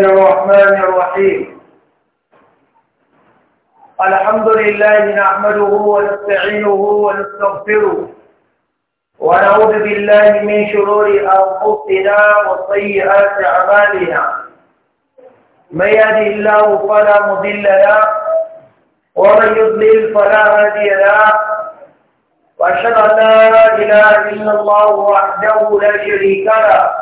الرحمن الرحيم الحمد لله نحمده ونستعينه ونستغفره ونعوذ بالله من شرور أنفسنا وسيئات أعمالنا من يهد الله فلا مضل له ومن يضلل فلا هادي له وأشهد أن لا إله إلا الله وحده لا شريك له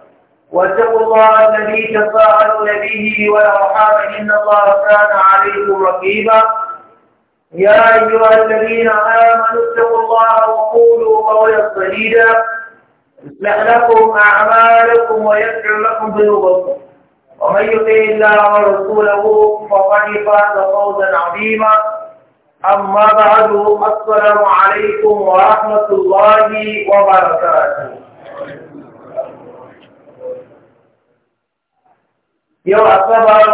واتقوا الله الذي تساءلون به والارحام ان الله كان عليكم رقيبا يا ايها الذين امنوا اتقوا الله وقولوا قولا سديدا يصلح لكم اعمالكم ويغفر لكم ذنوبكم ومن يطع الله ورسوله فقد فاز فوزا عظيما اما بعد السلام عليكم ورحمه الله وبركاته yau asabar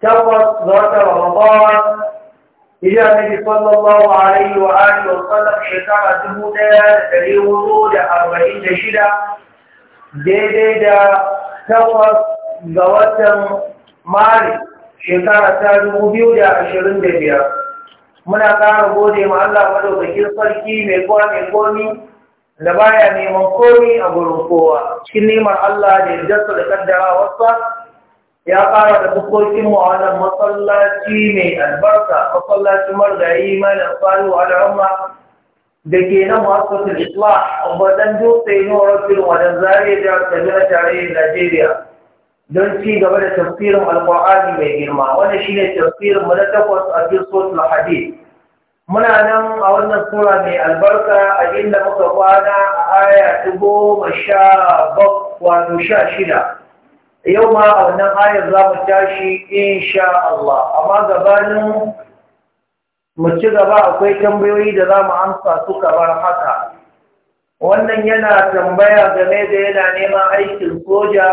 takwas ga wata ramadan hijira nabi sallallahu alaihi wa alihi wa shekara dubu ɗaya da ɗari hudu da arba'in da shida daidai da takwas ga watan maris shekara ta dubu biyu da ashirin da biyar muna ƙara gode ma Allah bikin farki mai kowa mai komi da baya neman komi a gurin kowa cikin neman Allah da yardarsa da kaddara wasa ya fara da bukokin mu a wannan masallaci mai albarka masallaci margayi malam salu al'amma da ke nan masu islah wadan dutse ne rafin wadan zare da kabila tarayyar Najeriya don ci gaba da tafsirin alkur'ani mai girma wannan shine tafsirin mu na takwas a cikin suratul muna nan a wannan sura mai albarka a inda muka kwana a aya ta goma sha wato sha shida yau ma a wannan ayar za mu tashi insha Allah amma gabanin mu ci gaba akwai tambayoyi da za mu amsa su kamar haka wannan yana tambaya game da yana neman aikin soja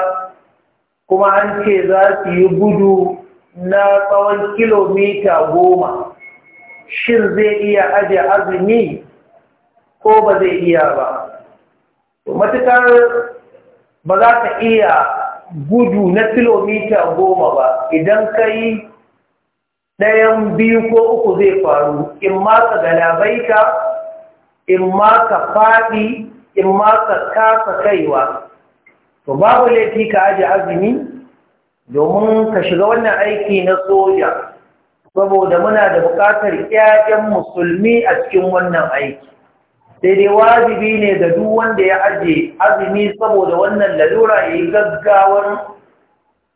kuma an ce za su yi gudu na tsawon kilomita goma shin zai iya ajiye azumi ko ba zai iya ba matukar ba za ka iya gudu na kilomita goma ba idan ka yi ɗayan biyu ko uku zai faru in ma ka galabaita in ma ka faɗi in ma ka kasa kaiwa to babu laifi ka ajiye azumi domin ka shiga wannan aiki na soja saboda muna da buƙatar ƴaƴan musulmi a cikin wannan aiki sai dai wajibi ne ga duk wanda ya aje azumi saboda wannan lalura ya yi gaggawar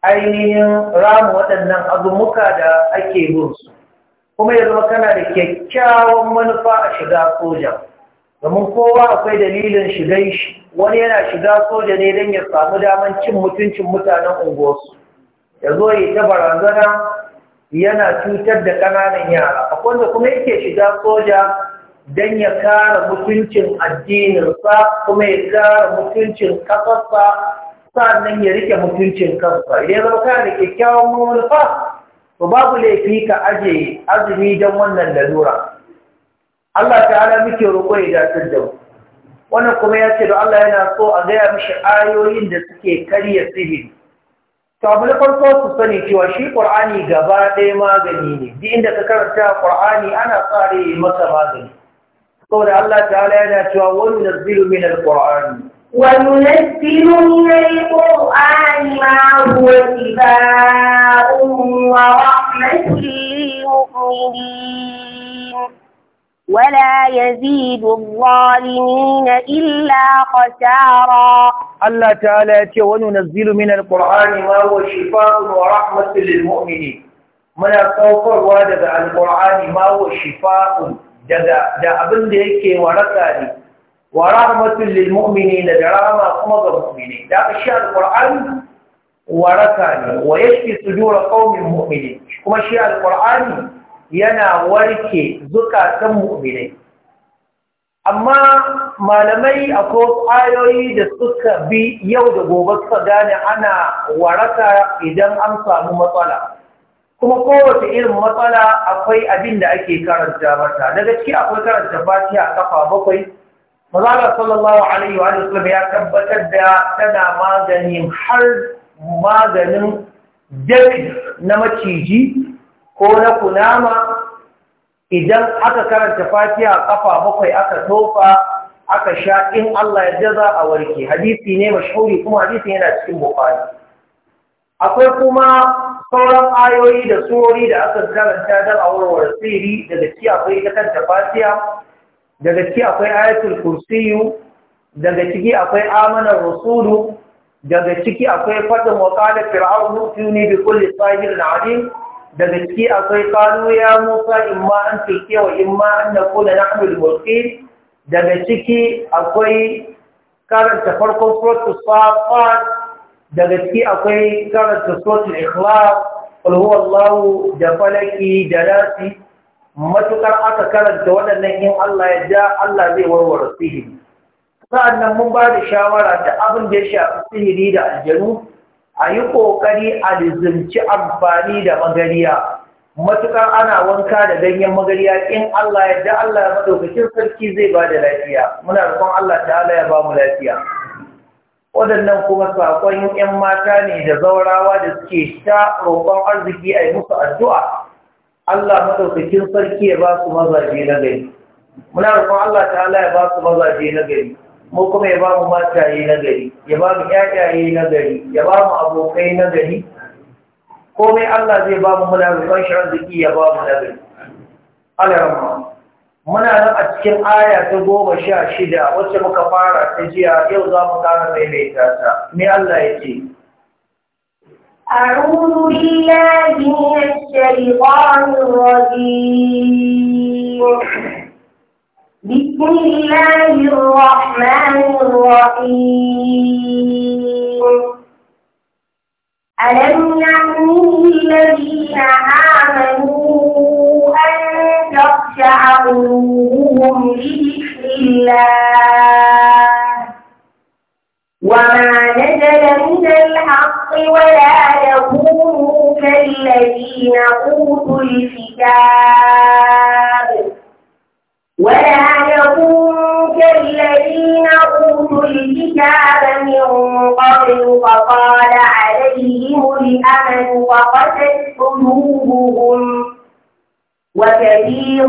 ainihin ramu waɗannan azumuka da ake su kuma ya zama kana da kyakkyawan manufa a shiga soja domin kowa akwai dalilin shigan shi wani yana shiga soja ne don ya samu daman cin mutuncin mutanen unguwarsu ya zo yi ta barazana yana cutar da ƙananan yara akwai wanda kuma yake shiga soja don ya kara mutuncin addininsa kuma ya kara mutuncin ƙasarsa sannan ya rike mutuncin kansa idan zama kana da kyakkyawan manufa to babu laifi ka aje azumi don wannan lalura Allah ta'ala muke roƙo ya dace da mu wannan kuma ya ce da Allah yana so a gaya mishi ayoyin da suke karya sihiri to farko su sani cewa shi ƙur'ani gaba ɗaya magani ne duk inda ta karanta ƙur'ani ana tsare masa magani da Allah ta'ala yana cewa wani nazilu min al-ƙur'ani وننزل من القرآن ما هو شفاء ورحمة للمؤمنين ولا يزيد الظالمين إلا خسارا الله تعالى يتي وننزل من القرآن ما هو شفاء ورحمة للمؤمنين من الصوفر وادع القرآن ما هو شفاء جدا دا أبن ديك ورسالي ورحمة للمؤمنين دراما قمض المؤمنين دا أشياء القرآن ورسالي ويشفي صدور قوم المؤمنين كما أشياء القرآن yana warke zukatan mu'minai amma malamai akwai kwayoyi da suka bi yau da gobe suka gane ana waraka idan an samu matsala kuma kowace irin matsala akwai abin da ake karanta mata daga ciki akwai karanta fatiha a kafa bakwai mazala sallallahu alaihi wa sallam ya tabbatar da tana maganin har maganin jami na maciji ko na kunama idan aka karanta fatiha kafa bakwai aka tofa aka sha in Allah ya jaza a warke hadisi ne mashhuri kuma hadisi yana cikin bukhari akwai kuma sauran ayoyi da surori da aka karanta dan a warware sirri daga ciki akwai ita kanta fatiha daga ciki akwai ayatul kursiyu daga ciki akwai amanar rasulu daga ciki akwai fadin wa fir'aun fir'aunu tuni bi kulli sahirin alim daga ciki akwai kalu ya musa in ma an tuke wa in ma an na na hannun daga ciki akwai karanta farkon suratul fa. daga ciki akwai karanta suratul ikhlas qul da falaki da rasi matukar aka karanta waɗannan in Allah ya ja Allah zai warware sihiri sa'annan mun ba da shawara da abin da ya shafi sihiri da aljanu a yi ƙoƙari a lizimci amfani da magariya matuƙar ana wanka da ganyen magariya in Allah ya da Allah ya maɗaukakin sarki zai ba da lafiya muna roƙon Allah Allah ya ba mu lafiya waɗannan kuma saƙon 'yan mata ne da zaurawa da suke sha roƙon arziki a yi musu addu'a Allah maɗaukakin sarki ya ba su mazaje na gari muna roƙon Allah ta'ala ya ba su mazaje na gari mu kuma ya ba mu mataye na gari ya ba mu ƴaƴaye na gari ya ba mu abokai na gari komai Allah zai ba mu muna roƙon shi arziki ya ba mu na gari alarma muna nan a cikin aya ta goma sha shida wacce muka fara ta jiya yau za mu ƙara maimaita ta me Allah ya ce أعوذ بالله من الشيطان الرجيم بسم الله الرحمن الرحيم ألم يعني الذين آمنوا أن تخشع قلوبهم لذكر الله وما نزل من الحق ولا يكونوا كالذين أوتوا الكتاب ولا يكون كالذين أوتوا الكتاب من قبل فقال عليهم الأمل وقست قلوبهم وكثير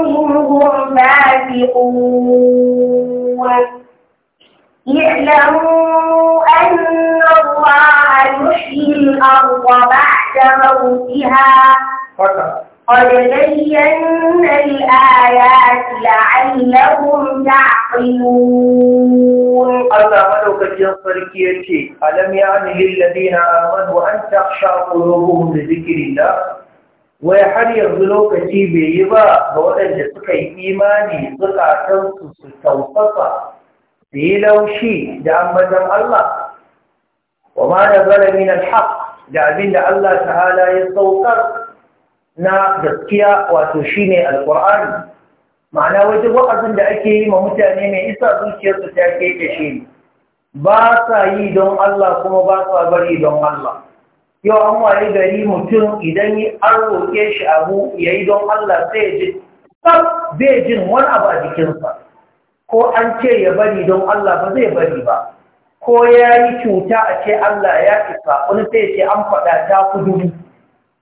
منهم فاسقون اعلموا أن الله يحيي الأرض بعد موتها فقط قد بينا الآيات لعلهم يعقلون الله ملوكتين صركيتي ألم يعنه الذين آمنوا أن تخشى قلوبهم لذكر الله wai har yanzu lokaci bai yi ba ga waɗanda suka yi imani zukatansu su tausasa su yi laushi da ambaton Allah wa ma da da abin da Allah ta'ala ya saukar na gaskiya wato shine alkur'ani ma'ana wajen wa'azin da ake yi ma mutane mai isa zuciyarsu ta keke shi ne ba sa yi don Allah kuma ba sa bari don Allah yau an waye gari mutum idan yi an roƙe shi abu ya yi don Allah zai ji sab zai jin wani abu a jikinsa ko an ce ya bari don Allah ba zai bari ba ko ya yi cuta a ce Allah ya isa wani sai ce an faɗa ta ku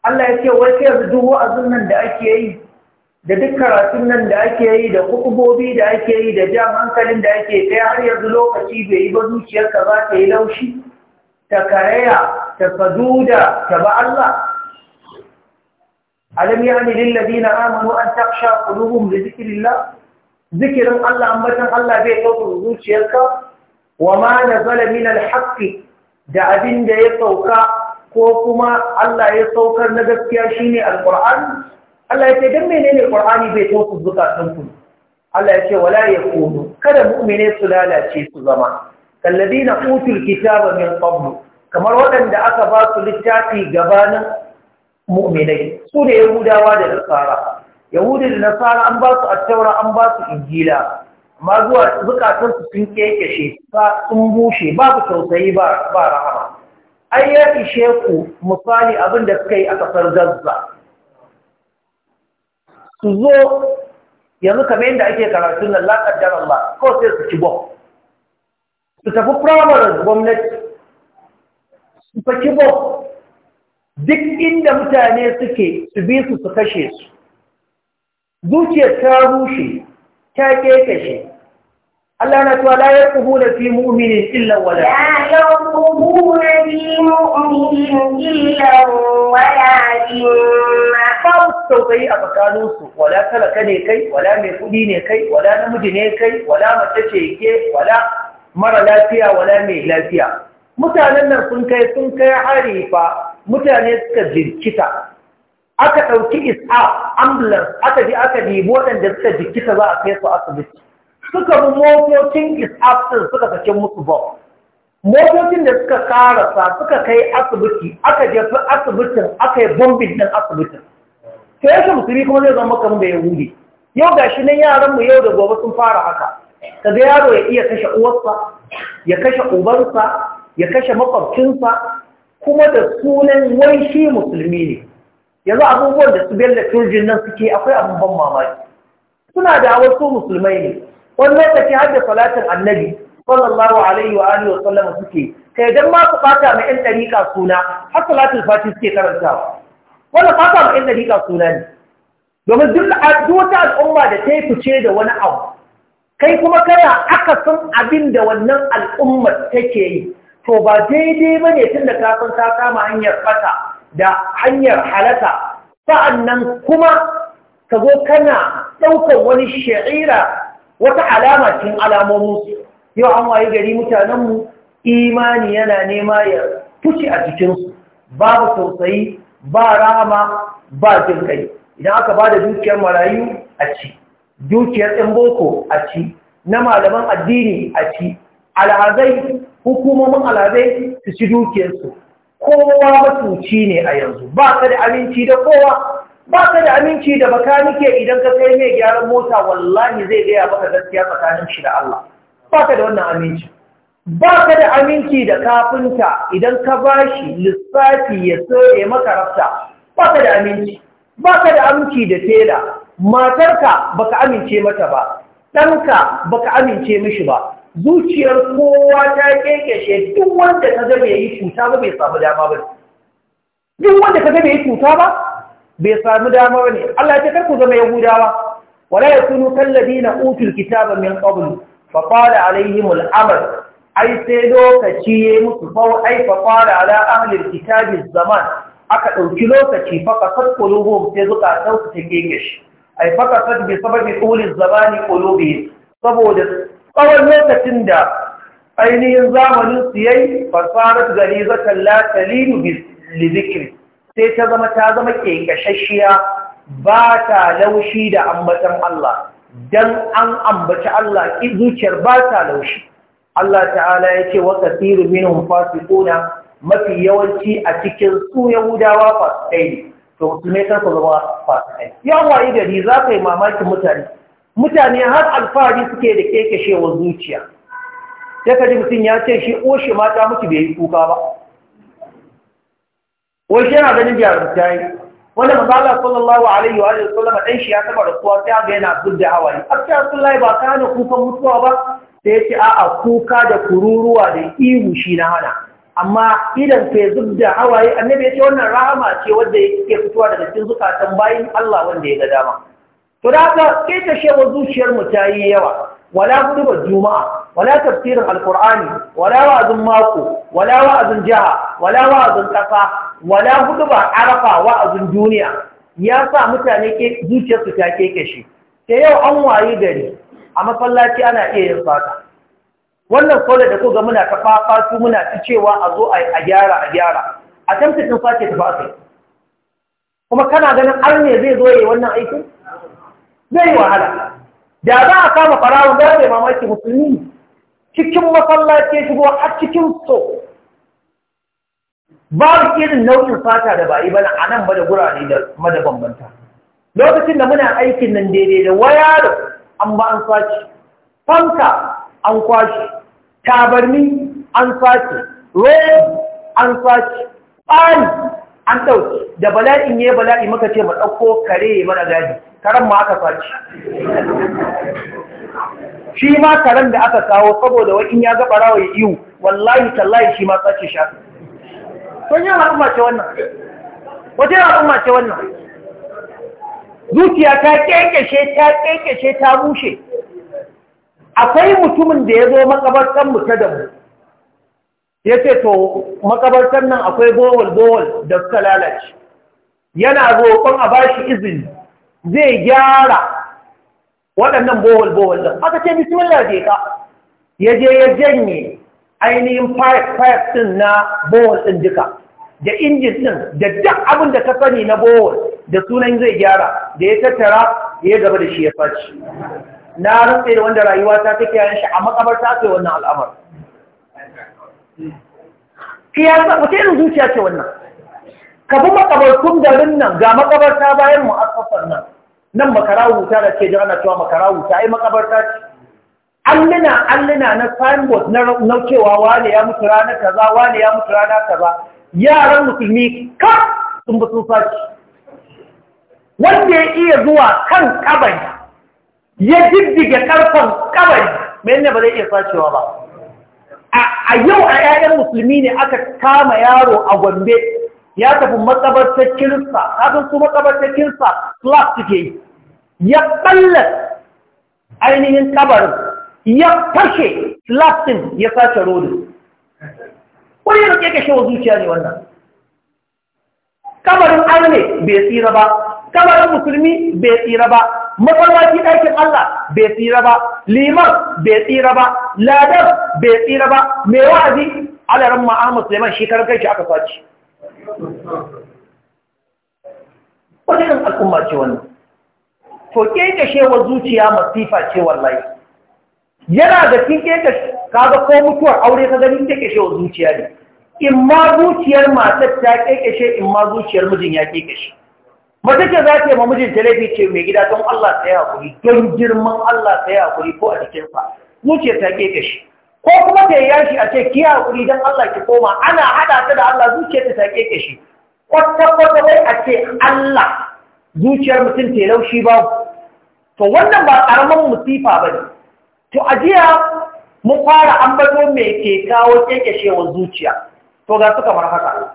Allah ya ce wai sai duk wa'azin nan da ake yi da duk karatun nan da ake yi da kukubobi da ake yi da jan hankalin da ake kai har yanzu lokaci bai yi ba zuciyarka za ta yi laushi ta karaya ta faduda ta ba Allah alam yani lil ladina amanu an taqsha qulubuhum li dhikrillah zikirin Allah ambatan Allah bai kawo zuciyarka wa ma nazala min al da abin da ya sauka ko kuma Allah ya saukar na gaskiya shine alqur'ani Allah ya ce dan menene ƙur'ani bai tausu zukatan ku Allah ya ce wala yakunu kada mu'mine su lalace su zama kalladina utul kitaba min qablu kamar waɗanda aka ba su littafi gabanin mu'minai su da yahudawa da nasara yahudi da nasara an ba su attaura an ba su injila amma zuwa zukatansu sun kekeshe sun bushe babu tausayi ba rahama ai ya ishe ku misali abin da suka yi a ƙasar Gaza su zo yanzu kamar yadda ake karatun nan laƙaddar Allah kawai sai su ci bom su tafi firamare gwamnati su ci bom duk inda mutane suke su bi su su kashe su zuciyar ta rushe ta kekashe Allah na cewa la yarqubuna fi mu'minin illa wala la na fi mu'minin illan wala imma kawo tausayi a tsakanin su wala talaka ne kai wala mai kudi ne kai wala namiji ne kai wala mace ce ke wala mara lafiya wala mai lafiya mutanen nan sun kai sun kai hari fa mutane suka jirkita aka ɗauki is'a ambulance aka je aka ɗibi waɗanda suka jirkita za a kai su asibiti suka bi motocin isaftin suka sake musu ba motocin da suka karasa suka kai asibiti aka jefi asibitin aka yi bombin ɗin asibitin ta yashe musulmi kuma zai zama kan da ya wuri yau ga shi nan mu yau da gobe sun fara haka ka ga yaro ya iya kashe uwarsa ya kashe ubansa ya kashe makwabcinsa kuma da sunan wai shi musulmi ne yanzu abubuwan da su bello turjin nan suke akwai abin ban mamaki suna da wasu musulmai ne wani lokaci har da salatin annabi sallallahu alaihi wa alihi wa sallam suke kai dan ma su fata mai ɗan dariƙa suna har salatul fati suke karantawa wannan fata mai 'yan dariƙa suna ne domin duk wata al'umma da ta yi fice da wani abu kai kuma kana akasin abin da wannan al'ummar take yi to ba daidai ba ne tun da kafin ka kama hanyar fata da hanyar halata sa'annan kuma ka zo kana ɗaukar wani sha'ira wata alama cikin alamomin su yau an waye gari mutanenmu imani yana nema ya fushi a cikinsu babu tausayi ba rama ba jin kai idan aka ba da dukiyar marayu a ci dukiyar ɗin boko a ci na malaman addini a ci alhazai hukumomin alhazai su ci dukiyarsu kowa matuci ne a yanzu ba ka da aminci da kowa ba ka da aminci da bakanike idan ka kai mai gyaran mota wallahi zai gaya maka gaskiya tsakanin shi da Allah ba ka da wannan aminci ba ka da aminci da kafinta idan ka ba shi lissafi ya soye maka rafta ba ka da aminci ba ka da aminci da tela matarka ba ka amince mata ba ɗanka ba ka amince mishi ba zuciyar kowa ta kekeshe duk wanda ka ga bai yi cuta ba bai samu dama ba duk wanda ka ga yi cuta ba bai sami dama ne. Allah ya ce kar zama yahudawa wala yakunu kal ladina utul kitaba min qabl fa qala alaihim al amr ai sai lokaci ya musu fa ai fa qala ala ahli al kitabi zaman aka dauki lokaci fa kasat qulubuhum sai zuka sauka take gishi ai fa kasat bi sababi qulil zamani qulubi saboda tsawon lokacin da ainihin zamanin su yayi fasarat ganizatan la talilu bi zikri sai ta zama ta zama ke ƙengashashiya ba ta laushi da ambatan Allah don an ambaci Allah ƙi zuciyar ba ta laushi Allah ta'ala ya ce wa kasiru minhum fasiquna mafi yawanci a cikin su Yahudawa fasikai ne to musulmai kan su zama fasikai waye gari za ka yi mamakin mutane mutane har alfahari suke da kekeshewar zuciya sai kaji mutum ya ce shi oshe mata mutu bai yi kuka ba wai shi yana ganin biyar da yi wanda mazala sallallahu alaihi wa sallam dan shi ya taɓa rasuwa sai ga yana da hawaye akai Abdullahi ba kana kufan mutuwa ba sai yace a'a kuka da kururuwa da ihu shi na hana amma idan ka da hawaye annabi ya ce wannan rahama ce wanda yake fitowa daga cikin zukatan bayin Allah wanda ya ga dama to da haka kai ta zuciyar mu ta yi yawa Wala خطبة Juma'a, wala Tafsirin القرآن wala وعظ Mako, ولا وعظ جهة wala وعظ ƙasa, wala خطبة arafa وعظ duniya ya sa mutane zuciyarsu ta keke shi ta yau an waye gari a masallaci ana iya yin fata wannan kawai da ko muna ta muna ta cewa a zo a gyara a gyara a tamtatin sace ta fasa kuma kana ganin arne zai zo yi wannan aikin zai wahala da za a kama farawun za su yi mamaki musulmi cikin masallaci ya shigo a cikin so babu irin nau'in fata da ba yi bana a nan ba da gurare da madabambanta lokacin da muna aikin nan daidai da waya da an ba an sace fanka an kwashe tabarni an sace robe an sace tsari an ɗauki da bala'in ya bala'i muka ce mu ɗauko kare mana gadi karan ma aka faci shi ma karan da aka kawo saboda wa in ya zaba rawa ya iyu wallahi tallahi shi ma sace sha sun yi al'umma ce wannan wata yi al'umma ce wannan zuciya ta kekeshe ta kekeshe ta bushe akwai mutumin da ya zo makabartan mu ta mu ya ce to makabartan nan akwai bowal bowal da suka lalace yana roƙon a bashi izini zai gyara waɗannan bohol-bohol ɗin aka ce bismillah je ka ya je ya janye ainihin pipe ɗin na bohol ɗin duka da injin ɗin da duk abin da ka sani na bohol da sunan zai gyara da ya tattara ya gaba da shi ya faci na rantse da wanda rayuwa ta take yayin shi a ta ce wannan al'amar kiyasa wata irin zuciya ce wannan ka bi makabartun garin nan ga ta bayan mu'assasar nan nan makara wuta da ke jira na cewa makara wuta ai makabarta ce allina allina na signboard na cewa wane ya mutu rana kaza wani ya mutu rana kaza yaran musulmi ka sun bi sun faci wanda ya iya zuwa kan kabari ya diddige karfan kabari me ne ba zai iya sacewa ba a yau a 'ya'yan musulmi ne aka kama yaro a gombe ya tafi matsabartar kirista kafin su matsabartar kirista suke ya ballar ainihin kabarin ya fashe class din ya sace rodin kuri yana ke kashe wa zuciya ne wannan kabarin arne bai tsira ba kabarin musulmi bai tsira ba masallaci ɗakin Allah bai tsira ba liman bai tsira ba ladar bai tsira ba mai wa'azi mu Ahmad suleiman shekarar kai shi aka sace wani al'umma ce wannan to kekashewar zuciya masifa ce wallahi yana da cikin kekashe kaga ko mutuwar aure ka gani kekashewar zuciya ne in ma zuciyar matar ta kekashe in ma zuciyar mijin ya kekashe mata ce za ta yi ma mijin ta ce mai gida don Allah ta yi hakuri don girman Allah ta yi hakuri ko a jikinsa zuciyar ta kekashe tashi a ce ki haƙuri don Allah ki koma ana hada ta da Allah zuciya ta take ke shi kwata a ce Allah zuciyar mutum ta laushi ba to wannan ba ƙaramin musifa ba ne to a jiya mun fara ambato mai ke kawo kekeshewar zuciya to ga su kamar haka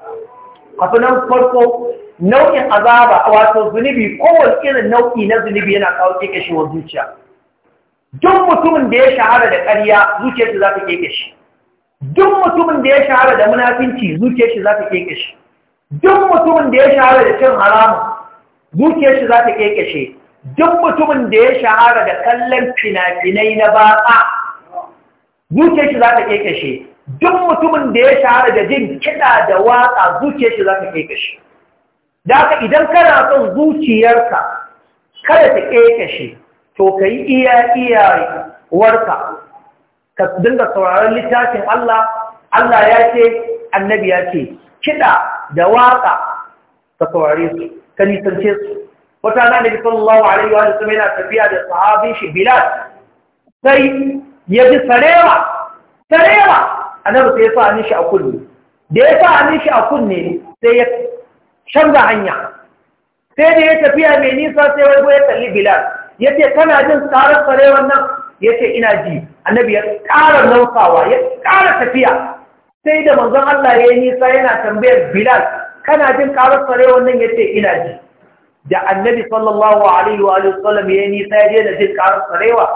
abu nan farko nau'in azaba wato zunubi kowane irin nau'i na zunubi yana kawo kekeshewar zuciya duk mutumin da ya shahara da ƙarya zuciyarsa za ta keke duk mutumin da ya shahara da munafinci zuciyar shi za ta keke shi duk mutumin da ya shahara da cin haramun zuciyar shi za ta keke shi duk mutumin da ya shahara da kallon fina-finai na ba'a zuciyar shi za ta keke shi duk mutumin da ya shahara da jin kiɗa da watsa zuciyar shi za ta keke shi da haka idan kana son zuciyarka kada ta keke shi to ka yi iya iyayen warka ka dinga sauraron littafin Allah Allah ya ce annabi ya ce kiɗa da waƙa ka saurare su ka nisance su wata na nabi sallallahu alaihi wa sallam yana tafiya da sahabin shi bilal sai ya ji sarewa sarewa annabi sai ya sa hannun shi a kunne da ya sa hannun shi a kunne sai ya canza hanya sai da ya tafiya mai nisa sai wai ya kalli bilal ya ce kana jin tsarar sarewar nan ya ce ina ji annabi ya ƙara nausawa ya ƙara tafiya sai da manzon Allah ya yi nisa yana tambayar bilal kana jin ƙarar sare wannan ya ce ina ji da annabi sallallahu alaihi wa sallam ya yi nisa ya daina jin ƙarar sarewa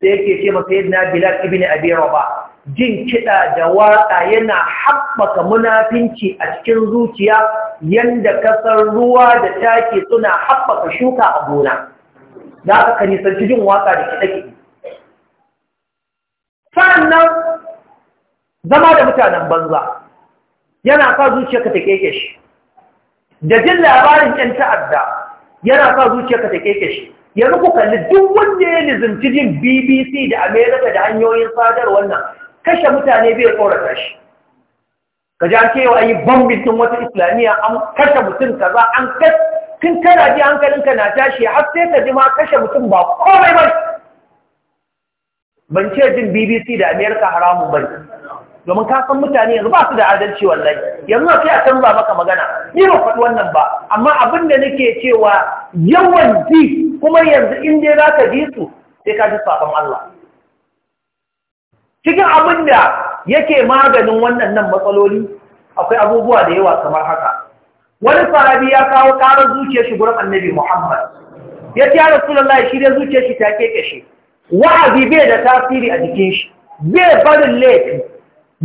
sai yake ce masa yadda bilal ibini abi rabah jin kiɗa da waƙa yana haɓaka munafinci a cikin zuciya yanda kasar ruwa da take suna haɓaka shuka a gona za ka nisanci jin waƙa da kiɗa kiɗe sannan zama da mutanen banza yana sa zuciyarka ta keke shi da jin labarin yan ta'adda yana sa zuciyarka ta keke shi yanzu ku kalli duk wanda ya lizinci jin BBC da America da hanyoyin sadarwar nan kashe mutane bai korata shi ka ji an wa yi bambin din wata islamiyya an kashe mutum kaza an kashe kin kana ji hankalinka na tashi har sai ka ji ma kashe mutum ba komai ba ban ce jin BBC da Amerika haramun ba ne. domin kasan mutane yanzu ba su da adalci wallahi yanzu a sai a canza maka magana ni ba faɗi wannan ba amma abin da nake cewa yawan ji kuma yanzu in dai za ka ji su sai ka ji sakon Allah cikin abin da yake maganin wannan nan matsaloli akwai abubuwa da yawa kamar haka wani sahabi ya kawo ƙarar zuciyar shi gurin annabi Muhammad ya ce ya Rasulullahi shi dai zuciyar shi ta keke shi wa'azi bai da tasiri a jikin shi bai barin laifi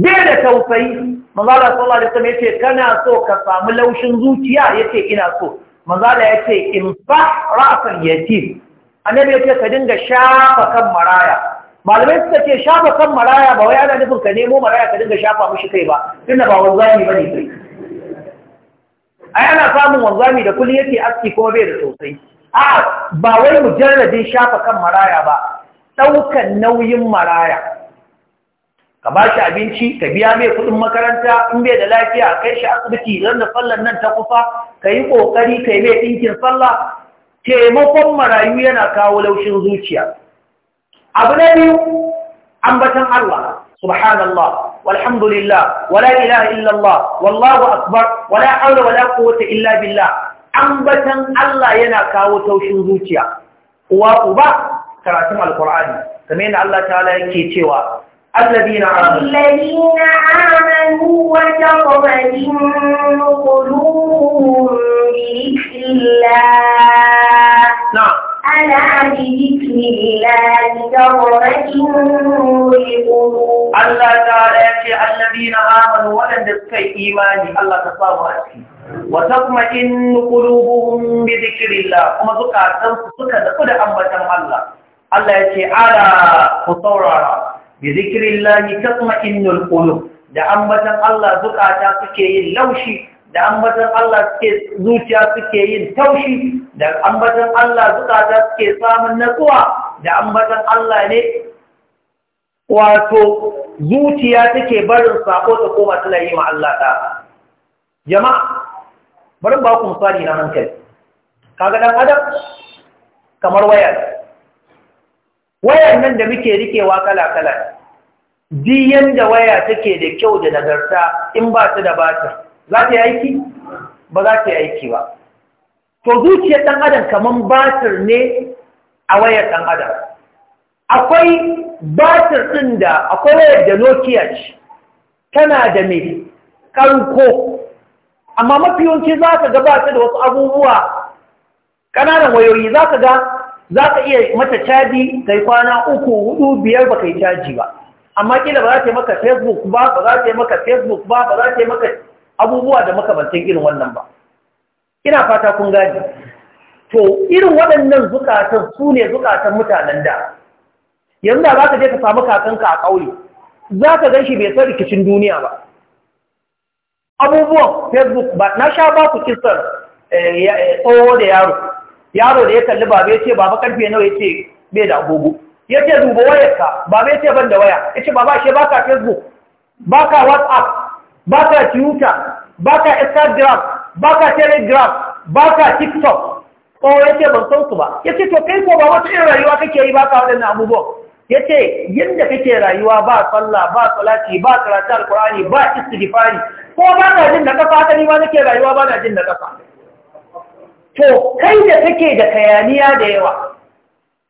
bai da tausayi manzala sallallahu alaihi ya ce, kana so ka samu laushin zuciya ce ina so manzala ce in fa ra'san yatim annabi ce ka dinga shafa kan maraya malamai suka ce shafa kan maraya ba wai ana nufin ka nemo maraya ka dinga shafa mushi kai ba tunda ba wanzami ba ne kai ai ana samun wanzami da kullum yake aski kuma bai da tausayi a ba wai mujarradin shafa kan maraya ba ɗaukan nauyin maraya ka ba shi abinci ka biya mai kuɗin makaranta in bai da lafiya kai shi asibiti don da nan ta kufa ka yi ƙoƙari ka yi mai ɗinkin sallah taimakon marayu yana kawo laushin zuciya abu na biyu ambatan Allah subhanallah walhamdulillah wala ilaha illallah wallahu akbar wala haula wala quwwata illa billah ambatan Allah yana kawo taushin zuciya uwa uba karatun alkur'ani kamar yadda Allah ta'ala yake cewa الذين آمنوا الذين آمنوا وتطمئن قلوبهم بذكر الله نعم ألا بذكر الله تطمئن القلوب الله تعالى الذين آمنوا ولم تسكي إيماني الله تصابوا أسكي وتطمئن قلوبهم بذكر الله وما ذكرتم سكت قد أمة الله Allah ya ce ala ku saurara bi zikrillahi tatma'innul qulub da ambatan Allah zukata suke yin laushi da ambatan Allah suke zuciya suke yin taushi da ambatan Allah zukata suke samun natsuwa da ambatan Allah ne wato zuciya take barin sako ta koma tana yi ma Allah ta jama'a bari ba ku misali na hankali kaga dan adam kamar waya Wayar nan da muke rikewa kala-kala diyan da waya take da kyau da nagarta in ba ta da bata za ta yi aiki ba za ta yi aiki ba to zuciyar ɗan adam kaman batir ne a wayar ɗan adam akwai batir ɗin da akwai wayar da nokia ce tana da mai ƙarko amma mafi yawanci za ka ga ba ta da wasu abubuwa ƙananan wayoyi za ka ga za ka iya mata caji kai kwana uku hudu biyar ba kai caji ba amma kila ba za ta yi maka facebook ba ba za ta yi maka facebook ba ba za ta yi maka abubuwa da makamantan irin wannan ba ina fata kun gani to irin waɗannan zukatan su ne zukatan mutanen da yanzu da za ka je ka samu kakanka a ƙauye za ka gan shi bai san rikicin duniya ba abubuwan facebook ba na sha ba ku kisan eh, eh, tsoho da yaro yaro da ya kalli baba ya ce baba karfe nawa ya ce bai da agogo ya ce duba wayarsa baba ya ce ban da waya ya ce baba ashe ba ka facebook ba ka whatsapp ba ka twitter ba ka instagram ba ka telegram ba ka tiktok Kowa ya ce ban san su ba ya ce to kai ko ba wata irin rayuwa kake yi ba ka waɗannan abubuwan ya ce yadda kake rayuwa ba sallah ba salati ba karatu alkur'ani ba istighfari ko ba na jin da kafa haka ni ma nake rayuwa ba na jin da kafa to kai da kake da kayaniya da yawa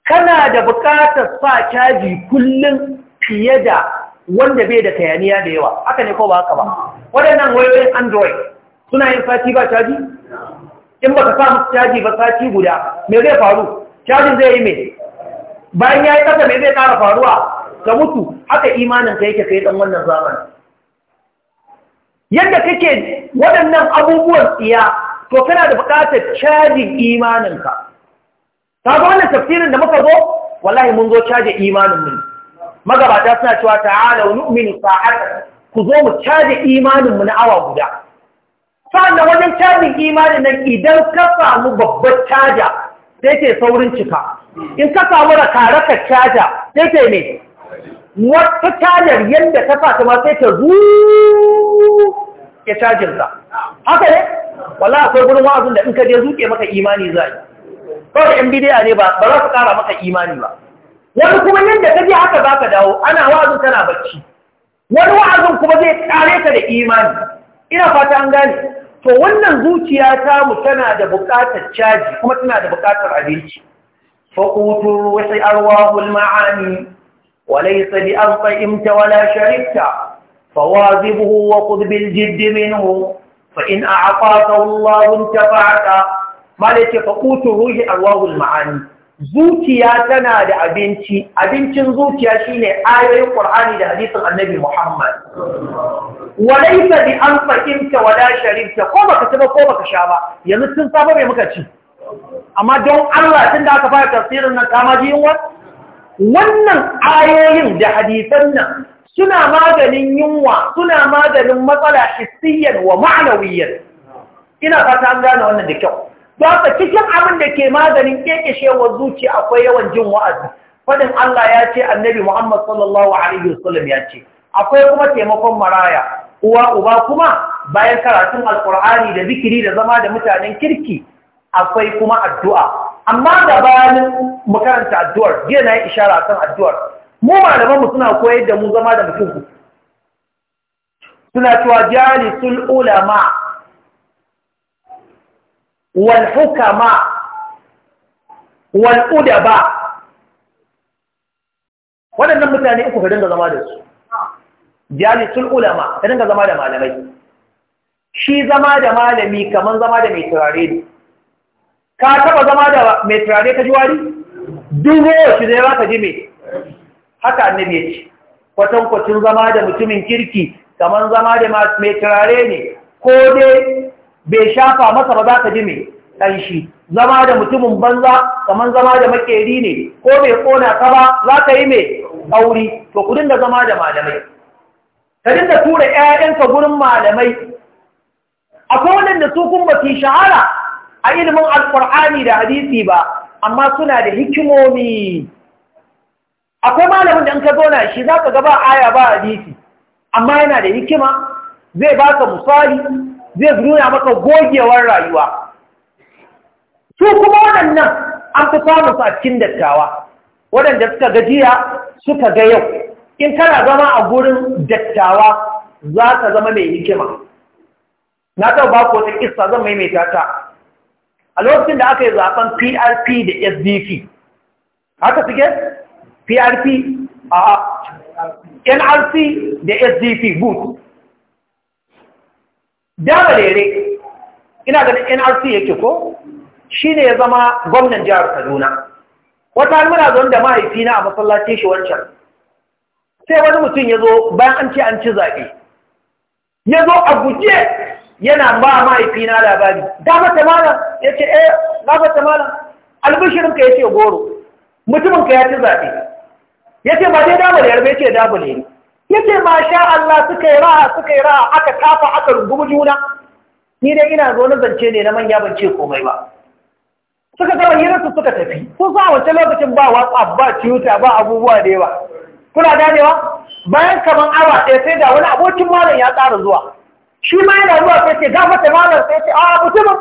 kana da buƙatar sa caji kullum fiye da wanda bai da kayaniya da yawa haka ne ko ba haka ba waɗannan wayoyin android suna yin sati ba caji in ba ka sa musu caji ba sati guda me zai faru Caji zai yi mai bayan ya yi ƙasa me zai ƙara faruwa ka mutu haka imanin ka yake kai ɗan wannan zamanin yadda kake waɗannan abubuwan tsiya to kana da buƙatar cajin imaninka ta ga wannan tafsirin da muka zo wallahi mun zo caje imanin mu. magabata suna cewa ta'ala wa nu'minu sa'at ku zo mu caje imaninmu na awa guda sannan wajen cajin imanin nan idan ka samu babbar caja sai ke saurin cika in ka samu raka caja sai ke me wata cajar yadda ta fata ma sai ta zuwa ya cajin ka haka ne wala akwai wurin wa'azin da in ka je zuke maka imani za yi kawai yan bidiya ne ba ba za su kara maka imani ba wani kuma yadda ka je haka za ka dawo ana wa'azin tana bacci wani wa'azin kuma zai kare ka da imani ina fata an gane to wannan zuciya ta mu tana da buƙatar caji kuma tana da buƙatar abinci ma'ani. روح أرواه المعاني وليس wala إمت ولا شركت فواظبه وخذ بالجد فإن أعطاك الله انتفعت مالك فقوت روح أرواه المعاني zuciya tana da abinci abincin zuciya shine ayoyin ƙur'ani da hadisin Annabi Muhammad walaysa bi an fahimta wala sharibta ko baka ci ko baka sha yanzu tun safa bai muka ci amma don Allah tunda aka fara tasirin nan kama ji wannan ayoyin da hadisan nan suna maganin yunwa suna maganin matsala hissiyan wa ma'anawiyyar ina fata an gane wannan da kyau ba ka cikin abin da ke maganin kekeshewar zuci akwai yawan jin wa'azi fadin Allah ya ce annabi Muhammad sallallahu alaihi wasallam ya ce akwai kuma taimakon maraya uwa uba kuma bayan karatun alkur'ani da zikiri da zama da mutanen kirki akwai kuma addu'a amma gabanin mu karanta addu'ar jiya na yi ishara kan addu'ar mu malaman mu suna koyar da mu zama da mutum suna cewa jalisul ulama wal hukama wal udaba waɗannan mutane uku ka dinga zama da su jalisul ulama ka dinga zama da malamai shi zama da malami kaman zama da mai turare ne ka taba zama da mai turare ka ji wari duk shi zai ba ka ji mai haka annabi ya ce kwatan zama da mutumin kirki kamar zama da mai turare ne ko dai bai shafa masa ba za ka ji mai ƙanshi zama da mutumin banza kamar zama da makeri ne ko bai ƙona ka ba za ka yi mai auri to ku dinga zama da malamai ka dinga tura 'ya'yanka gurin malamai akwai waɗanda su kuma baki shahara a ilimin alƙur'ani da hadisi ba amma suna da hikimomi akwai malamin da in ka zauna shi za ka gaba aya ba a disi, amma yana da hikima zai baka misali zai nuna maka gogewar rayuwa su kuma waɗannan an fi samun su a cikin dattawa waɗanda suka gajiya suka ga yau in kana zama a gurin dattawa za ka zama mai hikima na taɓa ba ku wata ƙista zan maimaita ta a lokacin da aka yi zaben prp da sdp haka suke PRP a NRC da SDP boot dama lere ina ganin NRC yake ko shi ne ya zama gwamnan jihar Kaduna wata halmuna zon da mahaifina a masallaci shi wancan sai wani mutum ya zo bayan an ce an ci zaɓe ya zo a guje yana ba mahaifina labari dama tamala ya ce eh dama tamala albishirinka ya ce goro mutuminka ya ci zaɓe ya ce ba dai damar yarbe ce damar ne ya ce ma sha Allah suka yi raha suka yi raha aka kafa aka rungu juna ni dai ina zo na zance ne na manya ban ce komai ba suka gama hirarsu suka tafi sun sa wace lokacin ba whatsapp ba twitter ba abubuwa da yawa kuna ganewa bayan kaman awa ɗaya sai da wani abokin malam ya tsara zuwa shi ma yana zuwa sai ce gafata malam sai ce a ah, mutumin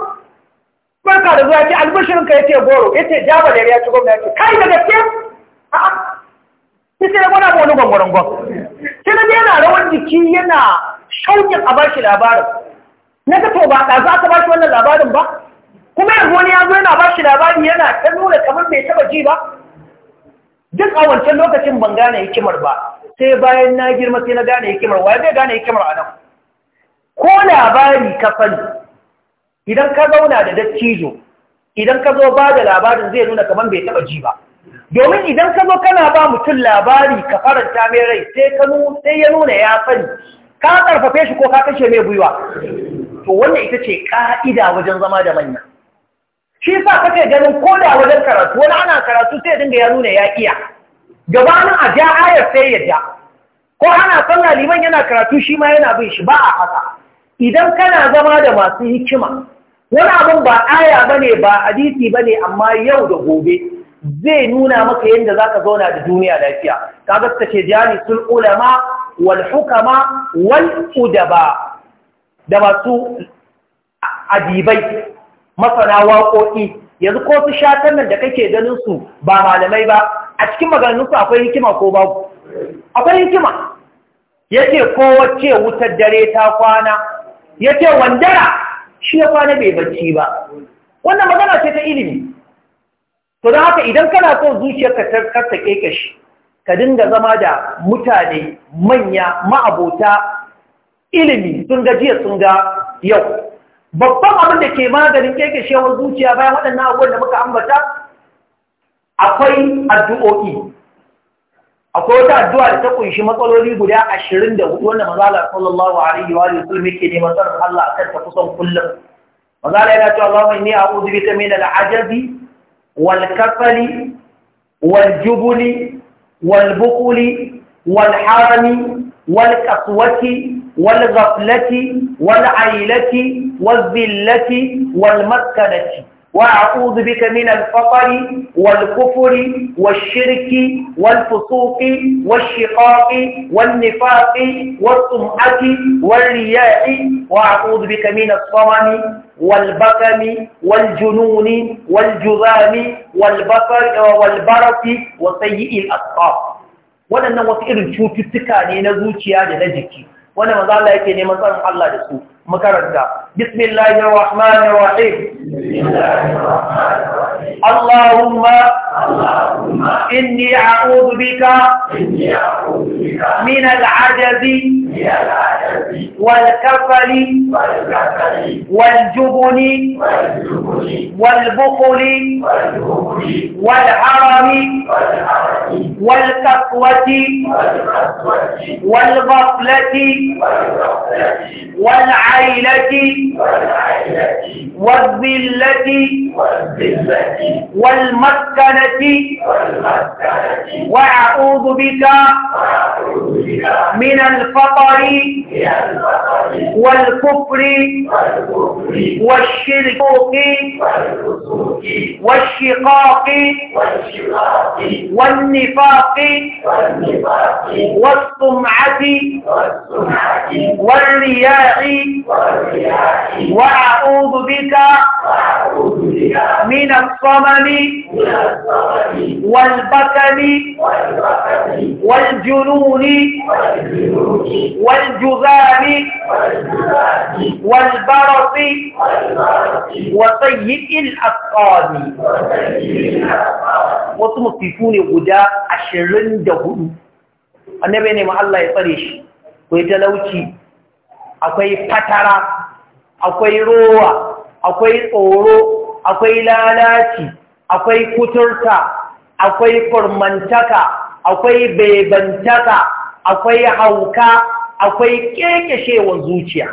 barka da zuwa ce albashirinka ya ce goro ya ce jabaliyar ya ci gwamna ya ce kai da gaske a'a shi sai wani abu wani gwangwarangon sai na yana rawar jiki yana shaukin a bashi labarin na ga to ba ɗazu aka bashi wannan labarin ba kuma yanzu wani ya zo yana bashi labari yana ta nuna kamar bai taba ji ba duk a wancan lokacin ban gane hikimar ba sai bayan na girma sai na gane hikimar waye zai gane hikimar a nan ko labari ka sani idan ka zauna da dattijo idan ka zo ba da labarin zai nuna kamar bai taba ji ba domin idan ka zo kana ba mutum labari ka faranta mai rai sai ya nuna ya sani ka karfafe shi ko ka kashe mai gwiwa to wannan ita ce ka'ida wajen zama da manya shi sa kake ganin koda wajen karatu wani ana karatu sai dinga ya nuna ya iya gabanin a ja ayar sai ya ja ko ana san liman yana karatu shi ma yana bin shi ba a haka idan kana zama da masu hikima wani abun ba aya bane ba hadisi bane amma yau da gobe zai nuna maka yadda za ka zauna da duniya lafiya ka gaska ce sun ulama wal hukama wal udaba da masu adibai masana waƙoƙi yanzu ko su shatan nan da kake ganin su ba malamai ba a cikin su akwai hikima ko babu akwai hikima ce kowace wutar dare ta kwana Ya ce wandara shi ya kwana bai bacci ba wannan magana ce ta ilimi to da haka idan kana so zuciyarka ta karta kekashi ka dinga zama da mutane manya ma'abota ilimi sun ga jiya sun ga yau babban abin da ke maganin kekashewar zuciya bayan waɗannan abubuwan da muka ambata akwai addu'o'i akwai wata addu'a da ta kunshi matsaloli guda ashirin da hudu wanda mazala sallallahu alaihi wa sallam yake neman masarar Allah kan ta kusan kullum mazala yana cewa a inni a'udhu bika mai da la'ajabi والكفل والجبل والبخل والحرم والقسوة والغفلة والعيلة والذلة والمسكنة وأعوذ بك من الفقر والكفر والشرك والفسوق والشقاق والنفاق والسمعة والرياء وأعوذ بك من الصمم والبكم والجنون والجذام والبكر والبرك وسيء الأسقاط waɗannan wasu irin cututtuka ne na zuciya da na jiki wanda maza Allah yake neman tsarin Allah da su مكرده بسم الله الرحمن الرحيم اللهم اني اعوذ بك من العجز من والكفل والجبن والبخل والهرم والكفوة والغفلة والعيلة والذلة والمسكنة وأعوذ بك من الفقر والكفر والشرك والشقاق والنفاق والنفاق والسمعة والرياء وأعوذ بك من الصمم والبكم والجنون والجذام والبرص وطيء الأفقاد wasu musifu ne ashirin da hudu annabi ne ma Allah ya tsare shi akwai talauci akwai fatara akwai rowa akwai tsoro akwai lalaci akwai kuturta akwai furmantaka akwai bebantaka akwai hauka akwai kekeshewar zuciya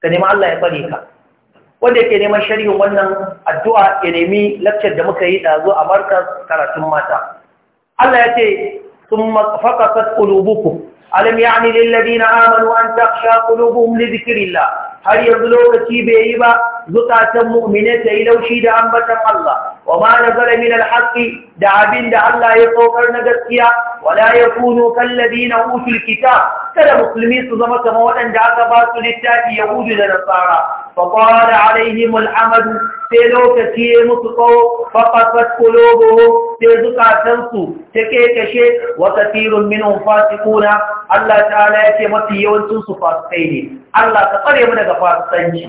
ka nema Allah ya tsare ka wanda ke neman sharhin wannan addu'a ya nemi lakcar da muka yi ɗazu a markar karatun mata Allah ya ce, "Tumma faƙasar ƙulubuku, alim ya amilin labina amalu an taƙasha ƙulubun lidikirilla, har yanzu lokaci bai yi ba zukatan mu'mine ta yi laushi da ambatan Allah, wa ma na zara da abin da Allah ya saukar na gaskiya, wala ya kuno kan labina hutul kita, kada musulmi su zama kama waɗanda aka basu littafi Yahudu da Nasara, fa ƙwada alaihim al'amadu sai lokaci ya mutu tsawo faƙasar kulobo sai zukatansu ta kekashe wata firin minun fasikuna Allah ta'ala ya ce mafi yawancinsu fasikai ne Allah ta tsare mu daga fasikanci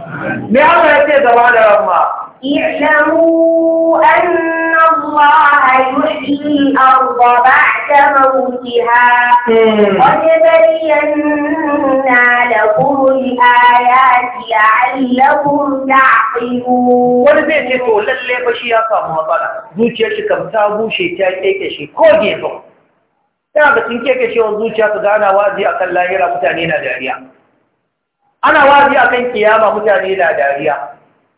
me Allah ya ce gaba da ramma اعلموا أن الله يحيي الأرض بعد موتها قد بينا لكم الآيات لعلكم تعقلون ولذلك يقول للي بشي يا قام وطلع زوجي أشي كم تابو شي تاي أي كشي كودي يفهم Ina da tinke ke cewa zuciya ta gana wazi a kan lahira mutane na dariya. Ana wazi a kan kiyama mutane na dariya.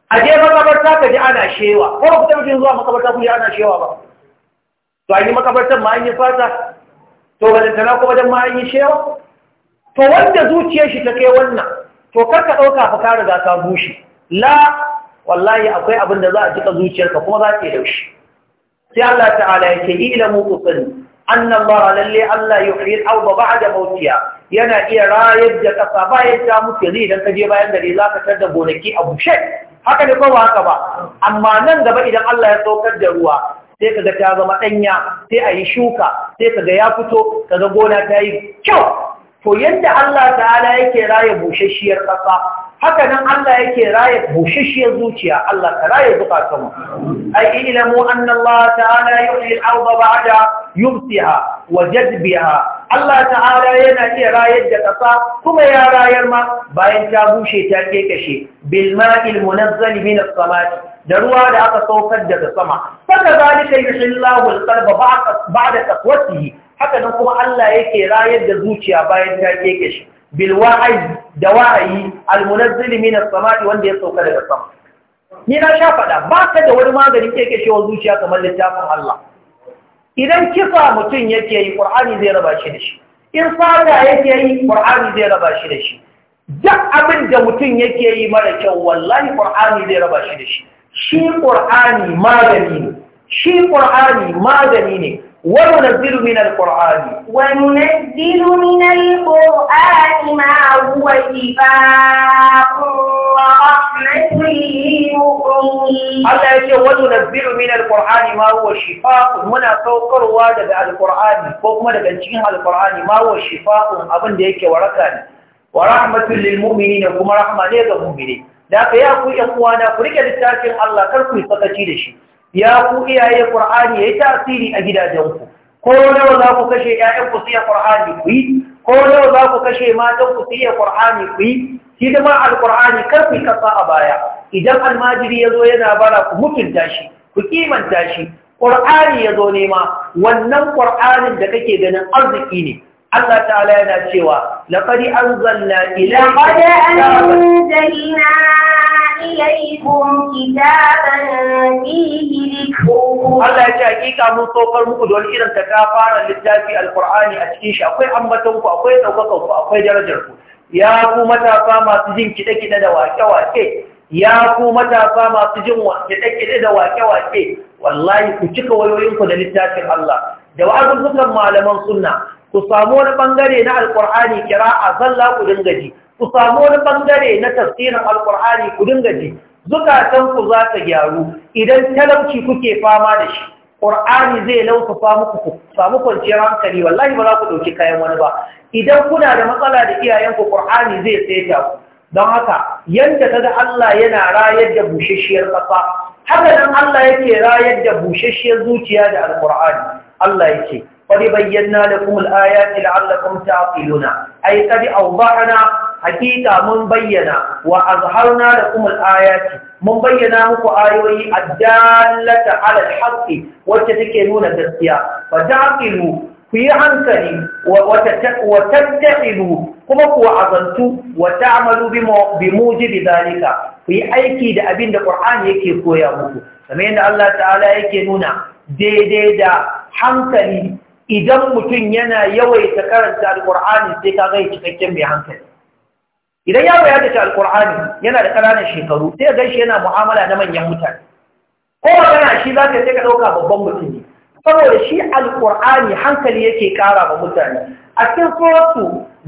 a je makabarta ka ji ana shewa ko ku taɓa jin zuwa makabarta ku ji ana shewa ba to an yi makabartar ma an yi fata to ba tana ko wajen ma an yi shewa to wanda zuciyar shi ta kai wannan to kar ka ɗauka fa ka riga ka bushe la wallahi akwai abin da za a jika zuciyarka kuma za ta yi laushi sai Allah ta'ala yake ilamu usani annan ba lalle Allah ya yi alba ba da mautiya yana iya rayar da ƙasa bayan ta mutu idan ka je bayan gari za ka tar da gonaki a bushe haka ne ba haka ba amma nan gaba idan Allah ya saukar da ruwa sai kaga ta zama ɗanya sai a yi shuka sai kaga ya fito kaga gona ta yi kyau to yadda Allah ta'ala yake raya bushashiyar ƙasa haka nan Allah yake raya bushashiyar zuciya Allah ka raya zukatanmu ai ilamu anna ta'ala yuhyi al ba'da yumsiha wa jadbiha Allah ta'ala yana iya rayar da ƙasa kuma ya rayar ma bayan ta bushe ta kekashe bil ma'il munazzali min as-samai da ruwa da aka saukar daga sama saka zalika yuhillahu al-qalba ba'da taqwatihi haka nan kuma Allah yake rayar da zuciya bayan ta kekashe, bil wahyi da wahyi al-munazzil min as-samai wanda ya sauka daga sama ni na sha fada ba ka da wani maganin keke zuciya kamar littafin Allah idan kisa mutum yake yi ƙur'ani zai raba shi da shi in fata yake yi ƙur'ani zai raba shi da shi duk abin da mutum yake yi mara kyau wallahi ƙur'ani zai raba shi da shi shi ƙur'ani magani ne shi ƙur'ani magani ne وننزل من القرآن وننزل من القرآن ما هو شفاء ورحمة للمؤمنين الله يقول وننزل من القرآن ما هو شفاء منا سوكر وادب القرآن فوقما لبنجين القرآن ما هو شفاء أبن ديك وركان ورحمة للمؤمنين وكما رحمة للمؤمنين da ka ya ku ‘yan uwana ku rike littafin Allah kar ku yi sakaci da shi ya ku iyaye Qur'ani yayi tasiri a gidajenku ko nawa za ku kashe ƴaƴan ku iya Qur'ani ku yi ko nawa za ku kashe matan su iya Qur'ani ku yi hidima al-Qur'ani kar ku kasa a baya idan almajiri yazo yana bara ku mutunta shi ku kimanta shi Qur'ani yazo nema wannan Qur'anin da kake ganin arziki ne الله تعالى يناديوا لقد أنزلنا إليك لقد أنزلنا إليك ce كتابا فيه ذكركم الله يجي حقيقة irin ta مكو fara إيران تكافار a cikin shi. Akwai أمتنكو akwai توقفكو akwai darajarku. ya ku matasa masu jin kiɗe-kiɗe da wake-wake ya ku matasa masu jin kiɗe-kiɗe da wake-wake wallahi ku cika wayoyinku da littafin Allah da wa'azuzzukan malaman sunna ku samu wani bangare na alkur'ani kira a zalla ku dinga ji ku samu wani bangare na tafsirin alkur'ani ku dinga ji zukatanku za ta gyaru idan talauci kuke fama da shi ƙur'ani zai laukafa muku ku samu kwanciyar hankali wallahi ba za ku ɗauki kayan wani ba idan kuna da matsala da iyayenku ƙur'ani zai saita ku don haka yadda ga Allah yana rayar da bushashiyar ƙasa haka nan Allah yake rayar da bushashiyar zuciya da alƙur'ani Allah yake قد بينا لكم الآيات لعلكم تعقلون أي قد أوضحنا hakika mun bayyana wa azharna da al-ayati mun bayyana muku ayoyi addallata ala al-haqqi wacce take nuna gaskiya fa taqilu ku yi hankali wa tattaqilu kuma ku azantu wa ta'malu bi mujibi dalika ku yi aiki da abin da Qur'ani yake koya muku kamar yadda Allah ta'ala yake nuna daidai da hankali idan mutum yana yawaita karanta al-Qur'ani sai kaga cikakken mai hankali idan yaro ya dace alkur'ani yana da ƙananan shekaru sai ga shi yana mu'amala na manyan mutane ko magana shi za ka sai ka ɗauka babban mutum ne saboda shi alkur'ani hankali yake ƙara wa mutane a cikin suratu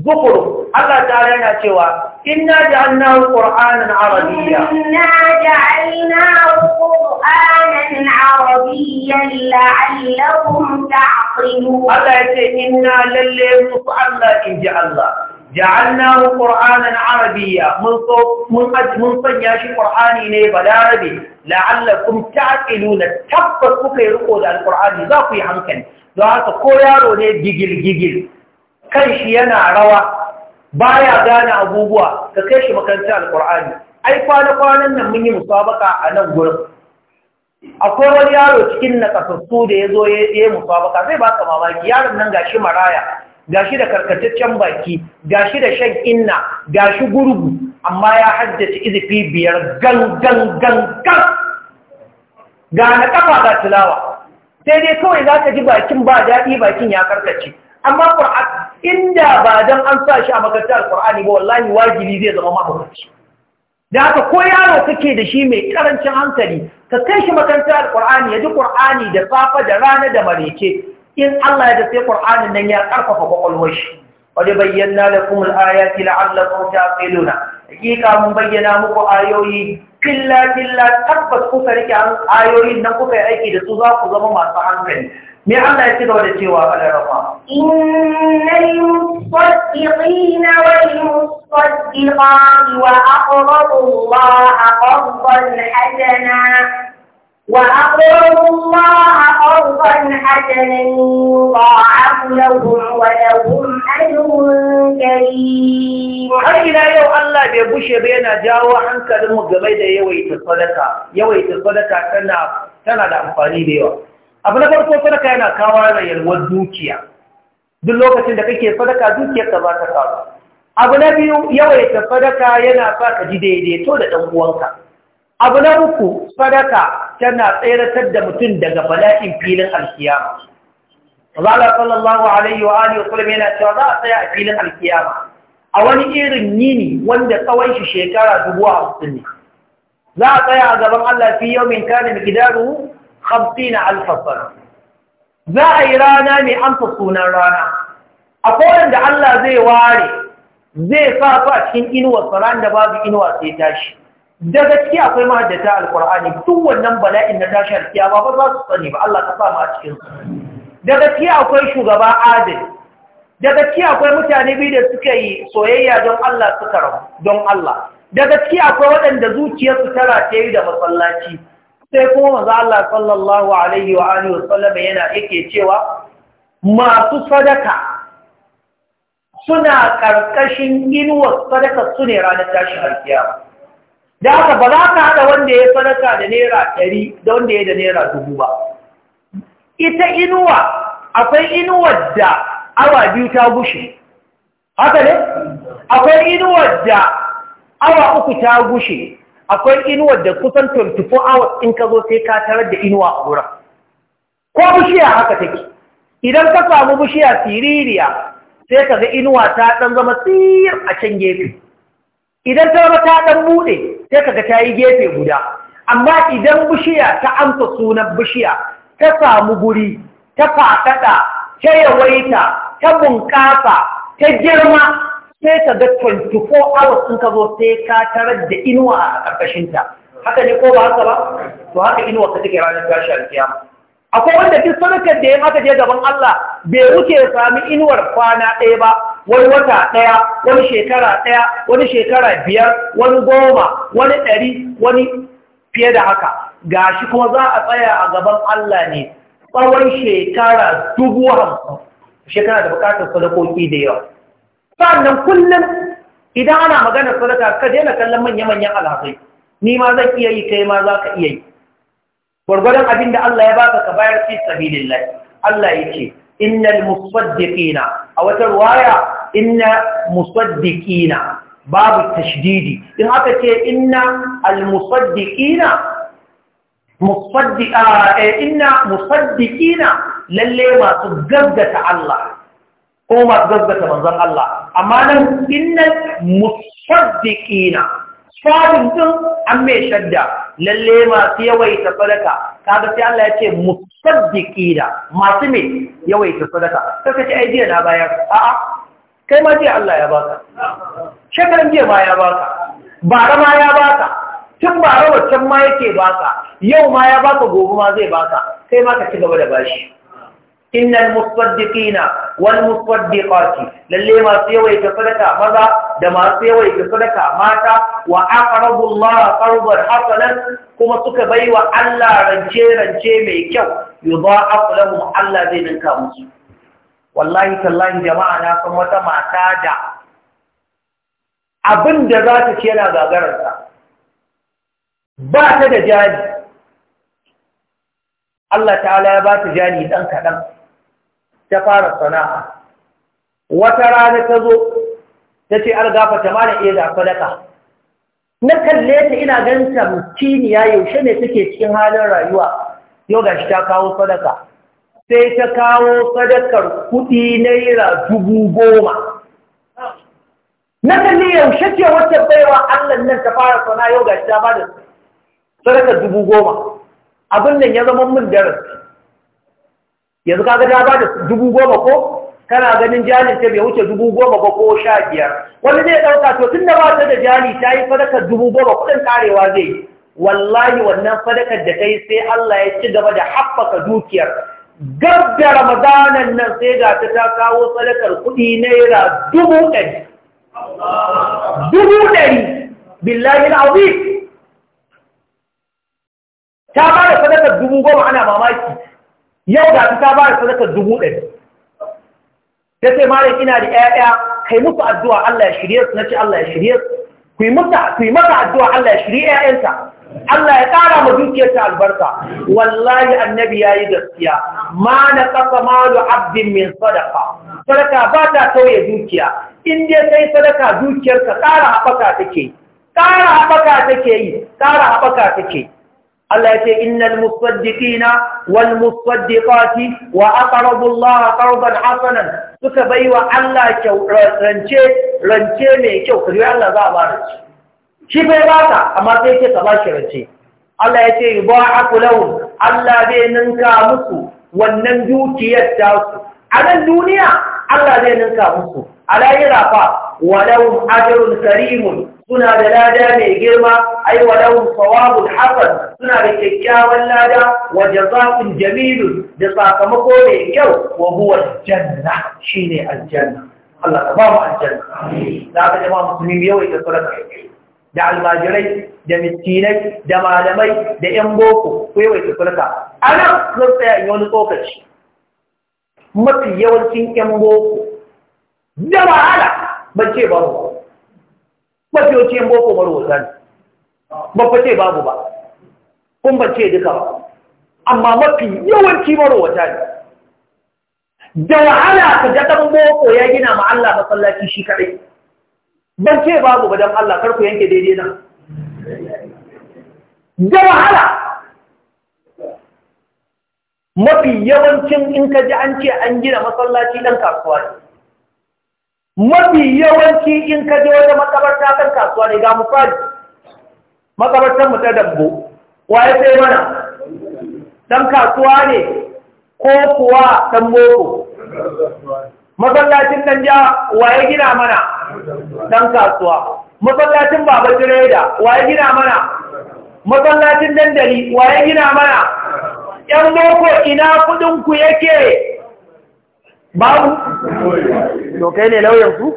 zukhruf Allah ta'ala yana cewa inna ja'alnahu qur'anan arabiyya inna ja'alnahu qur'anan arabiyyan la'allahum ta'qilun Allah yace inna lalle su Allah in Allah ja'alnahu qur'anan arabiyya mun mun mun sanya shi qur'ani ne balarabi la'allakum ta'qiluna tabbas kuka yi riko da alqur'ani za ku yi hankali don haka ko yaro ne gigil gigil kan shi yana rawa baya gane abubuwa ka kai shi makarantar alqur'ani ai kwana kwanan nan mun yi musabaka a nan gurin akwai wani yaro cikin nakasassu da ya zo ya yi musabaka zai baka mamaki yaron nan gashi maraya gashi da karkataccen baki gashi da shan inna gashi gurgu amma ya haddace izifi biyar gangan-gangan. ga na kafa ga tilawa sai dai kawai za ka ji bakin ba daɗi bakin ya karkace amma ƙur'an inda ba don an sa shi a makarantar ƙur'ani ba wallahi wajibi zai zama mahaukaci da haka ko yaro kake da shi mai karancin hankali ka kai shi makarantar ƙur'ani ya ji ƙur'ani da safa da rana da mareke. in Allah ya da sai Qur'anin nan ya karfafa kwakwalwar shi wani bayyana da kuma ayati la'allakum ta'qiluna hakika mun bayyana muku ayoyi killa killa tabbas kuka rike ayoyin nan kuka yi aiki da su za ku zama masu hankali me Allah ya ci gaba da cewa ala rafa innal musaddiqina wal musaddiqati wa aqradu Allah وأقرضوا الله har ila yau Allah bai bushe ba yana jawo hankalinmu game da yawaita sadaka yawaita sadaka tana da amfani da yawa abu na farko sadaka yana kawo da yalwar dukiya duk lokacin da kake sadaka dukiyar ka ba ta kawo abu na biyu yawaita sadaka yana sa ka ji daidaito da ɗan uwanka abu na uku sadaka tana tseratar da mutum daga bala'in filin alkiyama Allah sallallahu alaihi wa alihi wasallam yana cewa za a tsaya a filin alkiyama a wani irin yini wanda tsawon shi shekara dubu hamsin ne za a tsaya a gaban Allah fi yawmin kana miqdaru 50 hamsina sana za a yi rana mai amsa sunan rana a kowane da Allah zai ware zai sa su a cikin inuwa sanan da babu inuwa sai tashi da gaskiya akwai mahaddata alkur'ani duk wannan bala'in na tashi alkiyama ba za su tsane ba Allah ka sa mu a cikin su da gaskiya akwai shugaba adil da gaskiya akwai mutane biyu da suka yi soyayya don Allah suka rabu don Allah da gaskiya akwai waɗanda zuciyarsu ta rataye da masallaci sai kuma manzo Allah sallallahu alaihi wa alihi wa sallam yana yake cewa masu sadaka suna karkashin inuwar sadaka su ne ranar tashin alkiyama da haka ba za ka haɗa wanda ya sadaka da naira ɗari da wanda ya da naira dubu ba ita inuwa akwai inuwar da awa biyu ta gushe haka ne akwai inuwar da awa uku ta gushe akwai inuwar da kusan 24 hours in ka zo sai ka tarar da inuwa a wurin ko bishiya haka take idan ka samu bishiya siririya sai ka ga inuwa ta ɗan zama tsir a can gefe idan ta zama ta ɗan buɗe sai kaga ta yi gefe guda amma idan bishiya ta amsa sunan bishiya ta samu guri ta faɗaɗa ta yawaita ta bunƙasa ta girma sai ka ga 24 hours sun ka zo sai ka tarar da inuwa a ƙarƙashinta haka ne ko ba haka ba to haka inuwa ka take ranar tashi alkiyama akwai wanda duk sadakar da ya mata je gaban Allah bai wuce ya sami inuwar kwana ɗaya ba wani wata ɗaya wani shekara ɗaya wani shekara biyar wani goma wani ɗari wani fiye da haka shi kuma za a tsaya a gaban Allah ne tsawon shekara dubu hamsin shekara da bukatar sadakoki da yawa sannan kullum idan ana maganar sadaka ka daina kallon manya-manyan alhazai ni ma zan iya yi kai ma za ka iya yi gwargwadon abin da Allah ya baka ka bayar fi sabilillah Allah yake innal musaddiqina a wata riwaya inna musaddiqina babu tashdidi in aka ce inna al musaddiqina musaddiqa inna lalle masu gaggata Allah ko masu gaggata manzon Allah amma nan innal musaddiqina shafin din an mai shadda lalle masu yawaita sadaka kaga sai Allah ya ce da masu me yawaita sadaka ka kace ai jiya na bayar a'a kai ma jiya Allah ya baka shekaran jiya ma ya baka bara ma ya baka tun bara waccan ma yake baka yau ma ya baka gobe ma zai baka kai ma ka ci gaba da bashi innal musaddiqina wal musaddiqati Lallai masu yawaita sadaka maza da masu yawaita sadaka mata wa aqrabu Allah qardan hasanan kuma suka baiwa Allah rance rance mai kyau yudha'af lahum Allah zai ninka musu wallahi tallahi jama'a na san wata mata da abin da ce yana gagararsa ba da jani Allah ta'ala ya ba jari dan kaɗan ta fara sana'a wata rana ta zo ta ce an gafata ma da iya da sadaka na kalle ta ina ganta mutiniya yaushe ne suke cikin halin rayuwa yau ga shi ta kawo sadaka sai ta kawo sadakar kuɗi naira dubu goma na kalle yaushe ce wata baiwa allah nan ta fara sana'a yau ga shi ta ba da sadakar dubu goma abin nan ya zama min darasi yanzu kaga ta ba da dubu goma ko kana ganin jali ta bai wuce dubu goma ba ko sha biyar wani zai ɗauka to tun da ba ta da jali ta yi fadakar dubu goma kuɗin karewa zai yi wallahi wannan fadakar da ta sai Allah ya ci gaba da haɓaka dukiyar gab da ramadanan nan sai ga ta ta kawo sadakar kuɗi naira dubu ɗari dubu ɗari billahi al'azim ta ba da sadakar dubu goma ana mamaki yau da ta ba da sadakar dubu ɗari ta ce malam ina da ƴaƴa kai musu addu'a Allah ya shirye su na ce Allah ya shirye su ku yi mata addu'a Allah ya shirye ƴaƴanta Allah ya ƙara ma dukiyarta albarka wallahi annabi ya yi gaskiya ma na ma da abdin min sadaka sadaka ba ta sauya dukiya in dai sai sadaka dukiyarka ƙara haɓaka take ƙara haɓaka take yi ƙara haɓaka take yi Allah ya ce innal musaddiqina wal musaddiqati wa aqrabu Allah qardan hasanan suka baiwa Allah rance rance mai kyau kaje Allah za a ba rance shi bai ka amma sai ke ka shi rance Allah ya ce yubaaku lahum Allah zai ninka musu wannan dukiyar ta su a nan duniya Allah zai ninka musu a lahira fa walahum ajrun karimun suna da lada mai girma ai walau sawabul hasan suna da kyakkyawan lada wa jazaa'un jamilun da sakamako mai kyau wa huwa janna shine aljanna Allah ta ba mu aljanna amin da ka jama'a musulmi yau ita sadaka da almajirai da miskinai da malamai da yan boko ko yau ita sadaka ana zan tsaya in wani tsokaci mafi yawancin yan boko da wahala ban ce ba mu mafi boko marowata ne babba fa ce babu ba kun ba ce duka ba amma mafi yawanci marowata ne da wahala ka ga ɗan boko ya gina ma Allah masallaci shi kaɗai ban ce babu ba don Allah karku yanke daidai nan da wahala mafi yawancin in ka ji an ce an gina masallaci ɗan kasuwa ne mafi yawanci in ka je wata makabarta kan kasuwa ne ga mufaji makabartar mu ta Wa waye sai mana dan kasuwa ne ko kuwa dan boko masallacin dan ja waye gina mana dan kasuwa masallacin baba direda waye gina mana masallacin dandali waye gina mana yan boko ina kudin ku yake babu to kai ne lauyan su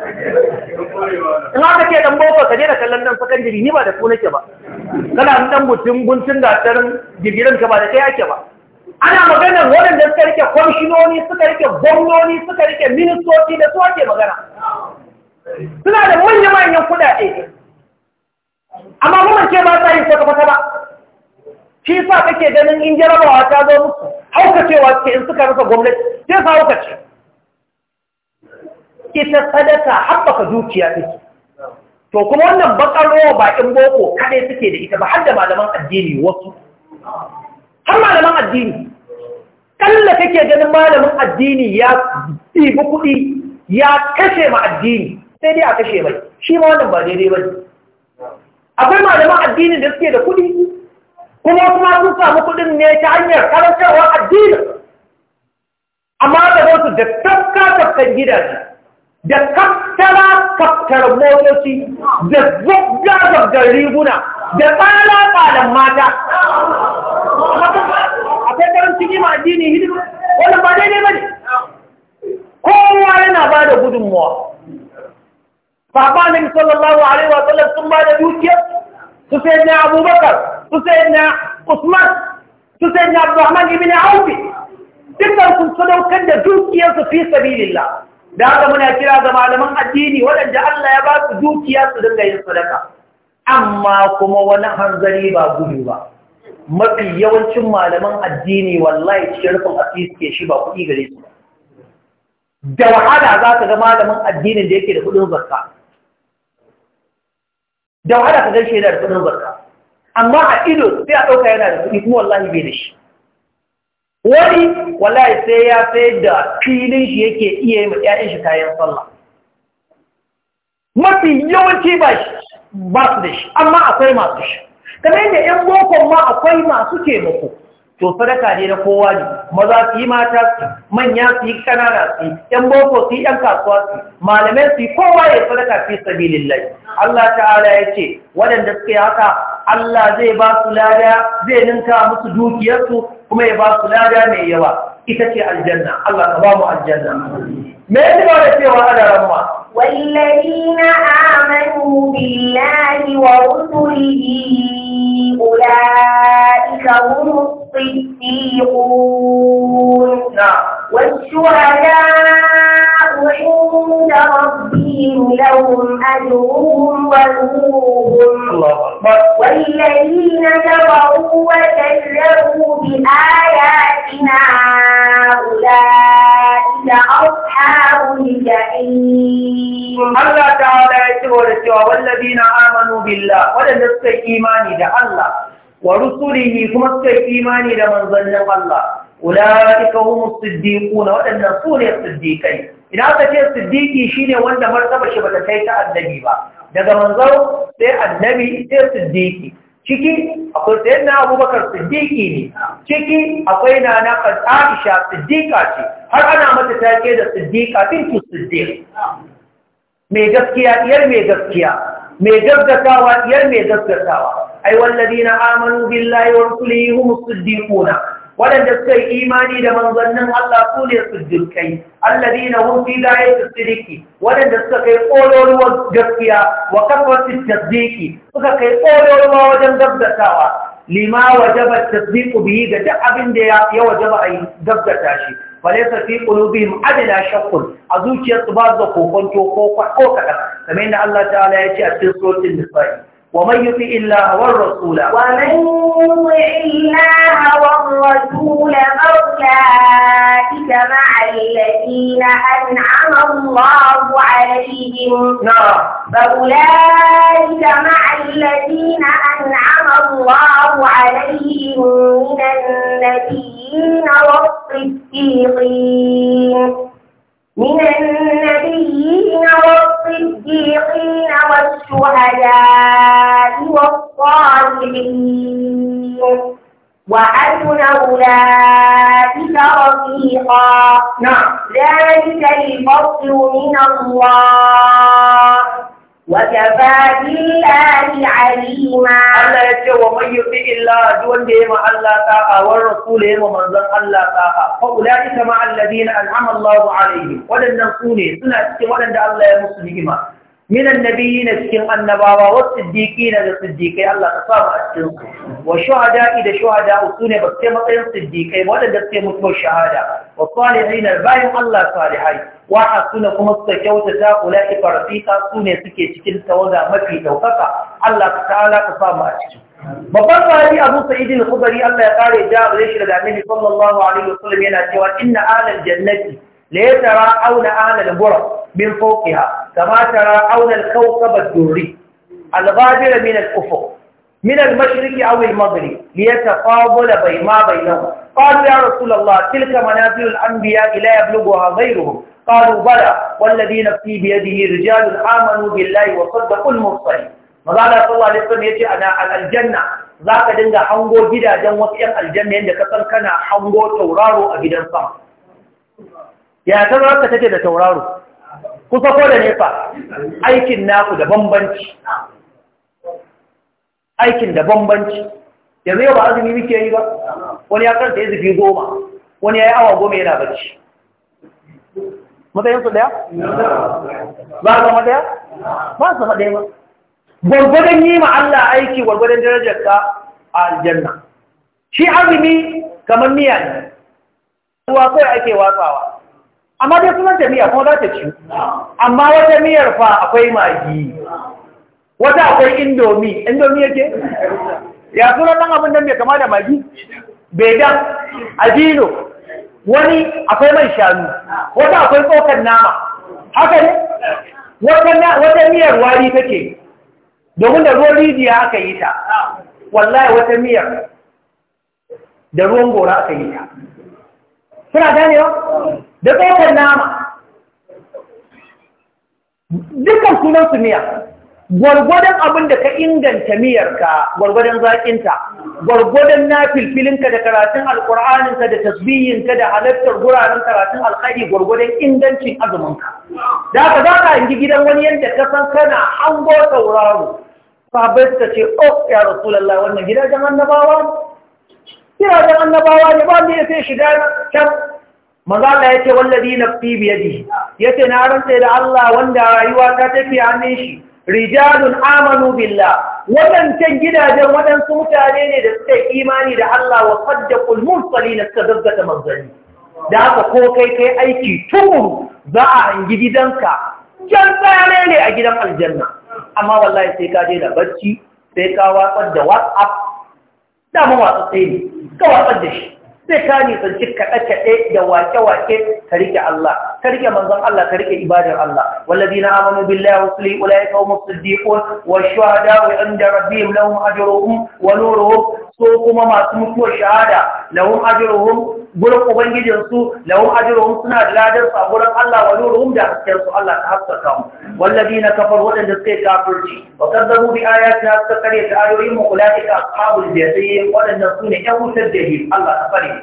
in aka ce dan boko kaje da kallon nan jiri ni ba da ku nake ba kana dan mutum guntun tarin girgiran ka ba da kai ake ba ana magana wannan da suka rike komishinoni suka rike gwamnoni suka rike ministoci da su ake magana suna da manya-manyan kuɗaɗe amma kuma ce ba sa yi kwata-kwata ba shi sa kake ganin in jarabawa ta zo musu haukacewa suke in suka rasa gwamnati sai sa haukace ita sadaka haɓaka zuciya take to kuma wannan bakaro bakin boko kaɗai suke da ita ba har da malaman addini wasu har malaman addini kalla kake ganin malamin addini ya ɗibi kuɗi ya kashe ma addini sai dai a kashe mai shi ma wannan ba daidai ba akwai malaman addini da suke da kuɗi kuma kuma sun samu kuɗin ne ta hanyar karantarwa addini amma da wasu da tafka tafkan gidaje da kattara kaftar motoci da zubga zubgar riguna da tsala tsalan mata akwai karancin yi ma addini hidima wannan ba daidai ba ne kowa yana ba da gudunmuwa Baba ne sallallahu alaihi wa sallam sun ba da dukiya su sai na Abubakar su sai na Usman su sai na Abdurrahman ibn Auf dukkan sun sadaukar da dukiyarsu fi sabilillah da haka muna kira ga malaman addini waɗanda Allah ya ba su dukiya su dinga yin sadaka amma kuma wani hanzari ba gudu ba mafi yawancin malaman addini wallahi cikin rufin asiri ke shi ba kuɗi gare su da wahala za ka ga malamin addinin da yake da kuɗin zarka da wahala ka gan shi yana da kuɗin zarka amma a ido sai a ɗauka yana da kuɗi kuma wallahi bai da shi wani wallahi sai ya sayar da filin shi yake iya yi ma 'ya'yan shi kayan sallah mafi yawanci ba su da shi amma akwai masu shi kamar yadda 'yan bokon ma akwai masu taimako to sadaka ne na kowa ne maza su yi mata su manya su yi kanana su yan boko su yi yan kasuwa su malamai su yi kowa ya sadaka fi sabi Allah ta'ala ya ce waɗanda suka yi haka Allah zai ba su lada zai ninka musu dukiyarsu kuma ya ba su lada mai yawa ita ce aljanna Allah ka ba mu aljanna me yake ba da cewa ana ramma والذين wa بالله ورسله أولئك هم الصديقون والشهداء عند ربهم لهم أجرهم ونورهم والذين كفروا وكذبوا بآياتنا أولئك أصحاب الجحيم الله تعالى يقول والذين آمنوا بالله ولن يستقيموا إيماني الله wa rusulihi kuma suka yi imani da manzannin Allah ulaika humus siddiqun waɗannan sune ne siddiqai idan aka ce siddiqi shine wanda martaba shi bata kai ta annabi ba daga manzon sai annabi sai siddiqi ciki akwai sayyidina Abubakar siddiqi ne ciki akwai nana Aisha siddiqa ce har ana mata take da siddiqa bintu siddiq mai gaskiya iyar mai gaskiya mai gaggatawa iyar mai gaggatawa ai wallazina amanu billahi wa rasulihi hum as-siddiquna wadanda suka yi imani da manzannin Allah su ne siddiqai alladina hum fi da'ati siddiqi wadanda suka kai kololuwar gaskiya wa kafatu tasdiqi suka kai kololuwa wajen gaskatawa lima wajaba tasdiqu bihi ga duk abin da ya wajaba ai gaskata shi falaisa fi qulubihim adala shakkun a zuciyarsu ba su da kokonto ko ko kadan kamar yadda Allah ta'ala ya ce a cikin suratul nisa'i ومن يطع الله والرسول ومن يطع الله والرسول فاولئك مع الذين انعم الله عليهم نعم فاولئك مع الذين انعم الله عليهم من النبيين والصديقين من النبيين والصديقين والشهداء والصالحين وحسن أولئك رفيقا نعم ذلك الفضل من الله وكفى بالله عليما الله يتي ومن يطع الله دون ده ما الله طاعه والرسول ما منزل الله طاعه فاولئك مع الذين انعم الله عليهم ولن نكون سنه cikin wadanda Allah ya musu ni'ima من النبيين سكين النباوة والصديقين للصديقين الله تصاب أسلم والشهداء إذا شهداء سنة بسيمة صديقين ولا دسيمة الشهادة والصالحين البايم الله صالحين واحد سنة كمسة كوتة أولئك رفيقا سنة سكي سكين توضع مفي توقفة الله تعالى تصاب أسلم babban sahabi Abu Sa'id al-Khudri Allah ya kare da gare shi daga Annabi sallallahu alaihi wasallam yana cewa inna alal jannati la tara auna ahlal ghurab min fawqiha kama tara auna al-kawkab ad-durri al-ghabir min al-ufuq من المشرق أو المغرب ليتقابل بما بينهم قالوا يا رسول الله تلك منازل الأنبياء لا يبلغها غيرهم قالوا بلى والذي نفسي بيده رجال آمنوا بالله وصدقوا المرسلين ماذا صلى الله عليه وسلم يجي أنا الجنة ذاك دنجا حنغو جدا جنوة الجنة عندك كان حنغو تورارو أجدا صمت ya zama haka take da tauraro kusa ko da nefa aikin naku da bambanci aikin da bambanci yanzu yau ba azumi muke yi ba wani ya karta ya zafi goma wani ya yi awa goma yana bacci matsayinsu daya? ba su ma daya? ba su ma daya ba gwargwadon yi ma Allah aiki gwargwadon darajar ka a aljanna shi azumi kamar miya ne ruwa kai ake watsawa amma dai sunan jami'a kuma za ta ci amma wata miyar fa akwai magi wata akwai indomi indomi yake ya sunan nan abin da mai kama da magi bedan adino wani akwai mai shanu wata akwai tsokan nama haka ne wata miyar wari take domin da ruwan rijiya aka yi ta wallahi wata miyar da ruwan gora aka yi ta suna ganewa da tsokar nama dukkan sunansu miya gwargwadon abin da ka inganta miyarka gwargwadon zaƙinta gwargwadon na filfilinka da karatun alƙur'aninka da tasbiyinka da halartar guraren karatun alƙari gwargwadon ingancin azuminka da aka za ka yi gidan wani yadda ka san kana hango sauraro sabai suka ce oh ya rasulallah wannan gidajen annabawa ne gidajen annabawa ne ba mu ya sai shiga can mazala ya ce fi nafsi biyadi ya ce na rantse da Allah wanda rayuwa ta tafi hannun shi rijalun amanu billa. wadancan gidajen waɗansu mutane ne da suka imani da Allah wa saddaqul na suka gaggata manzanni da haka ko kai kai aiki tukuru za a hangi gidanka can tsare ne a gidan aljanna amma wallahi sai ka je da bacci sai ka watsar da whatsapp da watsa sai ne ka watsar da shi sai ka nisanci kaɗe-kaɗe da wake-wake ka rike Allah ka rike manzon Allah ka rike ibadar Allah wallazina amanu billahi wa sulli ulaika hum as-siddiqun wa shuhada wa inda rabbihim lahum ajruhum wa nuruhum so kuma masu mutuwar shahada lahum ajruhum gurin ubangijin su lahum suna da ladar sa gurin Allah wa nuruhum da hasken su Allah ta haskaka mu na kafar waɗanda suka kafirci wa kadzabu bi ayatina suka kare ta ayoyin mu kula ulaika ashabul jahim wadanda sune yan wutar jahim Allah ta fare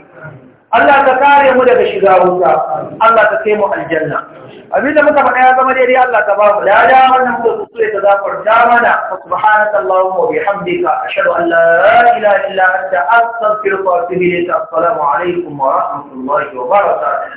Allah ka kare mu daga shiga wuta Allah ta kai mu aljanna da muka faɗa ya zama daidai Allah ka ba mu da da wannan ko su ta ta mana subhanaka allahumma wa bihamdika ashhadu an la ilaha illa anta astaghfiruka wa atubu ilayk assalamu alaikum wa rahmatullahi wa barakatuh